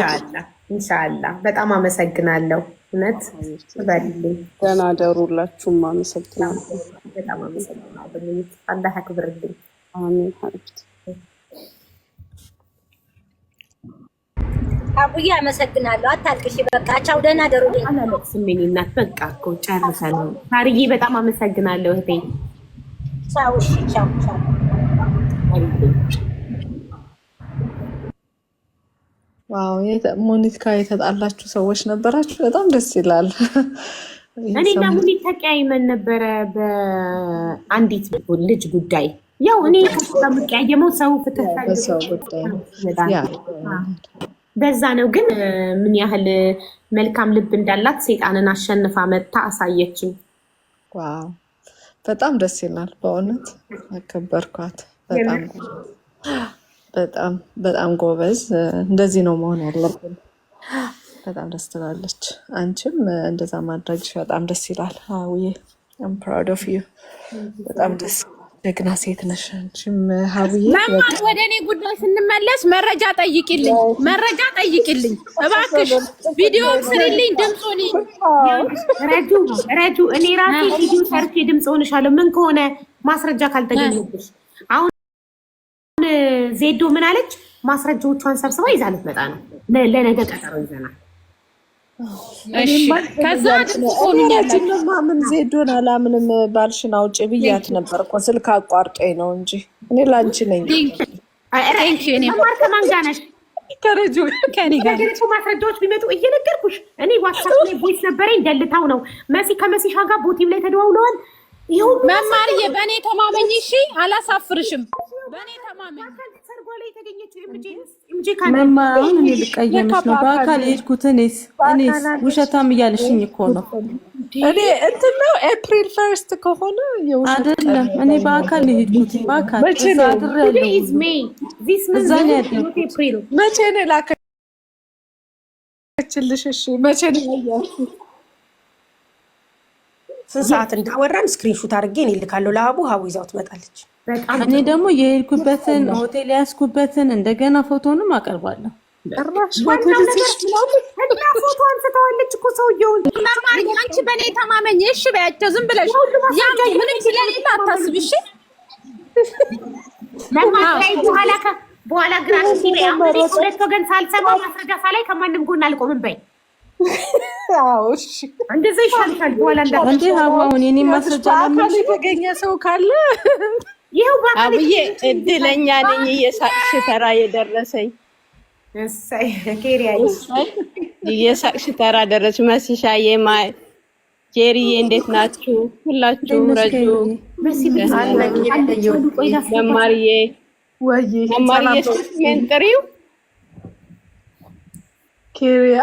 ኢንሻላ ኢንሻላ። በጣም አመሰግናለሁ። እውነት በል ደህና ደሩላችሁም። አመሰግናለሁ። በጣም አመሰግናለሁ። አላህ ያክብርልኝ። አሜን። ሀብት አቡዬ አመሰግናለሁ። አታልቅሽ። በቃ ቻው፣ ደህና ደሩ። አላለቅስም የእኔ እናት። በቃ እኮ ጨርሰን። ታርዬ በጣም አመሰግናለሁ እህቴ። ቻው። እሺ ቻው ቻው። ዋው ሞኒካ የተጣላችሁ ሰዎች ነበራችሁ? በጣም ደስ ይላል። እኔና ሙኒት ተቀያይመን ነበረ በአንዲት ልጅ ጉዳይ። ያው እኔ ከምቀያየመው ሰው ፍትህ በዛ ነው። ግን ምን ያህል መልካም ልብ እንዳላት ሴጣንን አሸንፋ መጥታ አሳየችም። በጣም ደስ ይላል። በእውነት አከበርኳት በጣም በጣም በጣም ጎበዝ። እንደዚህ ነው መሆን ያለብን። በጣም ደስ ትላለች። አንቺም እንደዛ ማድረግሽ በጣም ደስ ይላል። ሀዊዬ አም ፕራውድ ኦፍ ዩ። በጣም ደስ ደግና ሴት ነሽ። አንቺም ሀብዬ ወደ እኔ ጉዳይ ስንመለስ መረጃ ጠይቂልኝ፣ መረጃ ጠይቂልኝ እባክሽ። ቪዲዮ ስሪልኝ፣ ድምፁን ረጁ ረጁ። እኔ ራሴ ቪዲዮ ሰርቼ ድምፅ ሆንሻለሁ። ምን ከሆነ ማስረጃ ካልተገኘብሽ አሁን ዜዶ ምን አለች? ማስረጃዎቿን ሰብስባ ይዛ ልትመጣ ነው። ለነገ ቀጠሮ ይዘናል። ዜዶን አላምንም ባልሽን ብያት ነበር እኮ ስልክ ነው እንጂ እኔ ላንቺ ነኝ። ማስረጃዎች ቢመጡ እየነገርኩሽ እኔ ዋትሳፕ ላይ ነበረኝ። ደልታው ነው መሲ ከመሲሻ ጋር ቦቲም ላይ ተደዋውለዋል። መማርዬ በእኔ ተማመኝ እሺ፣ አላሳፍርሽም በእኔ ተማመን። እኔ ልቀየምሽ ነው። በአካል የሄድኩት እኔስ እኔስ ውሸታም እያልሽኝ እኮ ነው። እኔ እንትን ነው ኤፕሪል ፈርስት ከሆነ አይደለም። እኔ በአካል የሄድኩት በአካል እዛ ነው ያለው። መቼ ነው ላከችልሽ? እሺ መቼ ነው ያለው? ስንት ሰዓት እንዳወራን ስክሪንሹት አድርጌ እኔ እልካለሁ ለአቡ። ሀቡ ይዛው ትመጣለች። እኔ ደግሞ የሄድኩበትን ሆቴል ያስኩበትን እንደገና ፎቶንም አቀርባለሁ። ፎቶ አንስተዋለች እኮ አንቺ በእኔ ተማመኝ እሺ በያቸው። ዝም ብለሽ ምንም ስለሌለ እሺ። በኋላ ሁለት ወገን ሳልሰማ ማስረጃ ሳላይ ከማንም ጎን አልቆምም በይ እንደዛ ይሻልሻል። በኋላ እንደ አሁን የኔ ማስረጃ በአካል የተገኘ ሰው ካለ አብዬ እድለኛ ነኝ። እየሳቅሽ ተራ የደረሰኝ እየሳቅሽ ተራ ደረስሽ። መስሻ የማይ ጄሪዬ እንዴት ናችሁ? ሁላችሁም ረጁ መማርዬ መማርዬ ስንት ሜንጥሪው ኬሪያ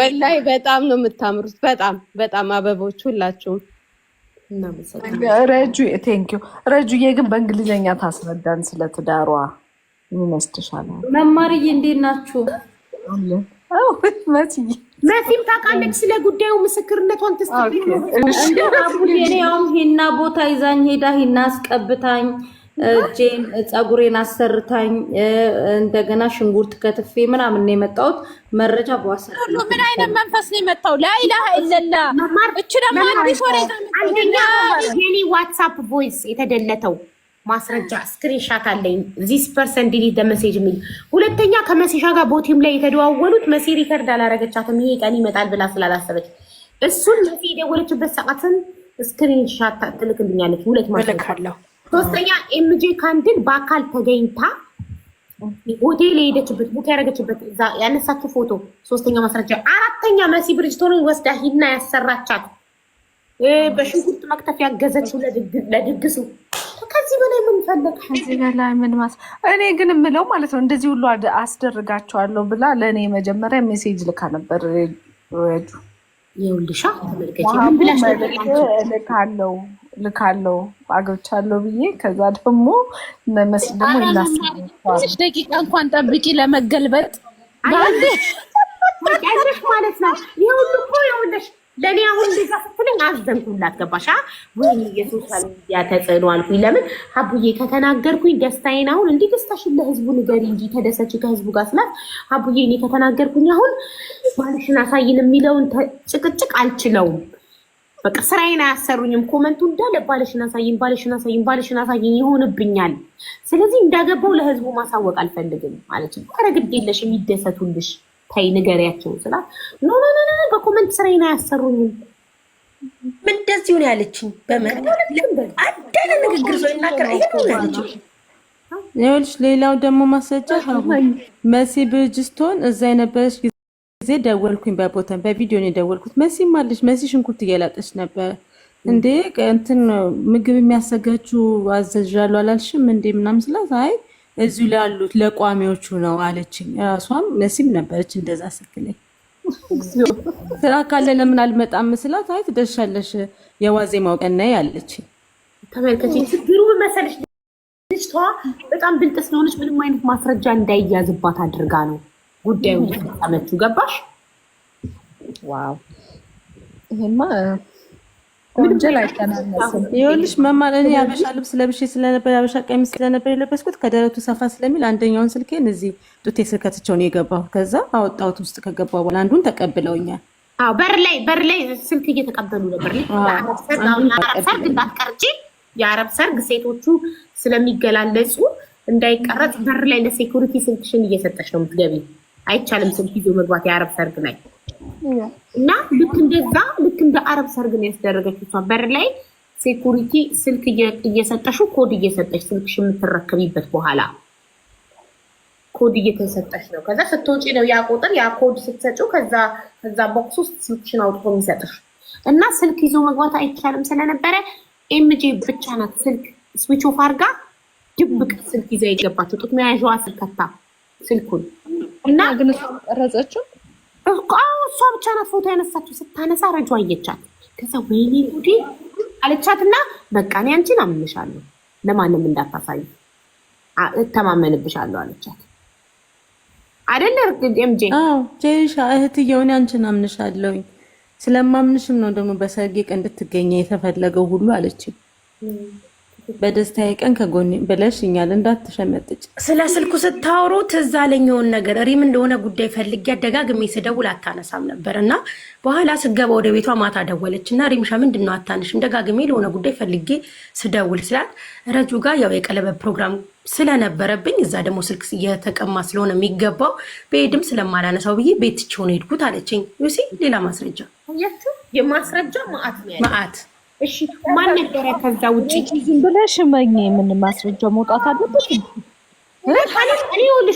ወላይ በጣም ነው የምታምሩት። በጣም በጣም አበቦች ሁላችሁም ረጁ እናመሰግናለን። ረጁዬ ግን በእንግሊዝኛ ታስረዳን ስለ ትዳሯ ይመስልሻል? መማርዬ እንዴት ናችሁ? መሲም ታውቃለች ስለ ጉዳዩ ምስክርነቷን ትስጥ። እንደ አቡዬ እኔ አሁን ሂና ቦታ ይዛኝ ሄዳ ሄና አስቀብታኝ ጄን ፀጉሬን አሰርታኝ እንደገና ሽንጉርት ከትፌ ምናምን ነው የመጣሁት። መረጃ በዋሳብ ምን አይነት መንፈስ ነው የመጣው? ላይላ ኢለላህ። እቺ ደግሞ አዲስ ወሬ አንደኛ የኔ ዋትሳፕ ቮይስ የተደለተው ማስረጃ ስክሪንሻት አለኝ። ዚስ ፐርሰን ዲሊት ደመሴጅ መሴጅ የሚል ሁለተኛ፣ ከመሴሻ ጋር ቦቲም ላይ የተደዋወሉት መሴ ሪከርድ አላረገቻትም ይሄ ቀን ይመጣል ብላ ስላላሰበች እሱን መሴ የደወለችበት ሰዓትን ስክሪንሻት ትልክልኛለች። ሁለት ማስረጃ ሶስተኛ ኤምጂ ካንድን በአካል ተገኝታ ሆቴል የሄደችበት ቦታ ያደረገችበት ያነሳችው ፎቶ ሶስተኛ ማስረጃ። አራተኛ መሲ ብርጅቶንን ወስዳ ሂና ያሰራቻት በሽንኩርት መክተፍ ያገዘችው ለድግሱ። ከዚህ በላይ ምን ፈለግ? ከዚህ በላይ ምን ማስ እኔ ግን የምለው ማለት ነው እንደዚህ ሁሉ አስደርጋቸዋለሁ ብላ ለእኔ መጀመሪያ ሜሴጅ ልካ ነበር። ረጁ የውልሻ ተመልከች ምን ብላሽ ልካለው ልካለው አግብቻለሁ ብዬ ከዛ ደግሞ መስ ደግሞ ይናስሽ ደቂቃ እንኳን ጠብቂ ለመገልበጥ ቀልሽ ማለት ነው። ይህ ሁሉ እኮ የሆነሽ ለእኔ አሁን ዛ ስትለኝ አዘንኩላት። ገባሽ ወይ? የሶሻል ሚዲያ ተጽዕኖ አልኩኝ። ለምን ሀቡዬ ከተናገርኩኝ ደስታዬን አሁን እንዲህ ደስታሽን ለህዝቡ ንገሪ እንጂ ተደሰች ከህዝቡ ጋር ስላት ሀቡዬ እኔ ከተናገርኩኝ አሁን ማለሽን አሳይን የሚለውን ጭቅጭቅ አልችለውም። በቃ ስራዬን አያሰሩኝም። ኮመንቱ እንዳለ ባለሽን አሳይኝ፣ ባለሽን አሳይኝ፣ ባለሽን አሳይኝ ይሆንብኛል። ስለዚህ እንዳገባው ለህዝቡ ማሳወቅ አልፈልግም ማለት ነው። ኧረ ግድ የለሽም ይደሰቱልሽ፣ ታይ ንገሪያቸው ስላት ኖ ኖ ኖ በኮመንት ስራዬን አያሰሩኝም። ምን ደስ ነው ያለችኝ። በመአዳለ ንግግር ሰው ይናገር ይሄ ያለችኝ። ይኸውልሽ ሌላው ደግሞ ማስረጃ መሲ ብርጅስቶን እዛ የነበረች ጊዜ ደወልኩኝ። በቦተን በቪዲዮ ነው የደወልኩት። መሲም አለች። መሲ ሽንኩርት እየላጠች ነበር። እንዴ እንትን ምግብ የሚያሰጋችሁ አዘዣሉ አላልሽም እንዴ ምናምን ስላት፣ አይ እዚሁ ላሉት ለቋሚዎቹ ነው አለችኝ። ራሷም መሲም ነበረች እንደዛ ስትለኝ፣ ስራ ካለ ለምን አልመጣም ስላት፣ አይ ትደርሻለሽ የዋዜማው ቀን ነይ አለችኝ። ተመልከች ችግሩ መሰለች ልጅቷ በጣም ብልጥ ስለሆነች ምንም አይነት ማስረጃ እንዳይያዝባት አድርጋ ነው ጉዳዩ አመቱ ገባሽ? ዋው ይሄማ ወንጀል አይተናነስም። ይኸውልሽ መማር እኔ ልብስ ለብሼ ስለነበር ያበሻ ቀሚስ ስለነበር የለበስኩት ከደረቱ ሰፋ ስለሚል አንደኛውን ስልኬን እዚህ ጡቴ ስልከትቸውን የገባሁ። ከዛ አወጣሁት ውስጥ ከገባ በኋላ አንዱን ተቀብለውኛል። አዎ በር ላይ በር ላይ ስልክ እየተቀበሉ ነበር። ሰርግ እንዳትቀርጪ፣ የአረብ ሰርግ ሴቶቹ ስለሚገላለጹ እንዳይቀረጽ በር ላይ ለሴኩሪቲ ስልክሽን እየሰጠች ነው የምትገቢ አይቻልም ስልክ ይዞ መግባት የአረብ ሰርግ ላይ እና ልክ እንደዛ ልክ እንደ አረብ ሰርግ ነው ያስደረገች እሷ በር ላይ ሴኩሪቲ ስልክ እየሰጠሹ ኮድ እየሰጠች ስልክሽ የምትረከቢበት በኋላ ኮድ እየተሰጠች ነው። ከዛ ስትወጪ ነው ያ ቁጥር ያ ኮድ ስትሰጪው ከዛ ከዛ ቦክስ ውስጥ ስልክሽን አውጥቶ የሚሰጥሽ እና ስልክ ይዞ መግባት አይቻልም ስለነበረ ኤምጄ ብቻ ናት ስልክ ስዊች ኦፍ አርጋ ድብቅ ስልክ ይዛ የገባቸው ጡት መያዣዋ ስልከታ ስልኩን እና ግን እሷ ቀረጸችው። እሷ ብቻ ናት ፎቶ ያነሳችው። ስታነሳ ረጁ አየቻት። ከዛ ወይኔ ጉዴ አለቻት እና በቃ እኔ አንቺን አምንሻለሁ፣ ለማንም እንዳታሳይ እተማመንብሻለሁ አለቻት። አደለ ኤምጄ ጄሻ እህትዬው፣ እኔ አንቺን አምንሻለሁኝ ስለማምንሽም ነው ደግሞ በሰርጌ ቀን እንድትገኘ የተፈለገው ሁሉ አለችኝ። በደስታዬ ቀን ከጎኔ ብለሽኛል፣ እንዳትሸመጥጭ። ስለ ስልኩ ስታወሩ ትዝ አለኝውን ነገር ሪም እንደሆነ ጉዳይ ፈልጌ አደጋግሜ ስደውል አታነሳም ነበር እና በኋላ ስገባ ወደ ቤቷ ማታ ደወለች እና ሪምሻ ምንድን ነው አታንሽም? ደጋግሜ ለሆነ ጉዳይ ፈልጌ ስደውል ስላት ረጁ ጋር ያው የቀለበት ፕሮግራም ስለነበረብኝ እዛ ደግሞ ስልክ እየተቀማ ስለሆነ የሚገባው በሄድም ስለማላነሳው ብዬ ቤት ችሆን ሄድኩት አለችኝ። ዩሲ ሌላ ማስረጃ የማስረጃ ማአት ማስረጃ ማአት እሺ ማን ነበረ? ከዛ ውጭ ብለሽ መኝ ምን ማስረጃው መውጣት አለበት? እኔ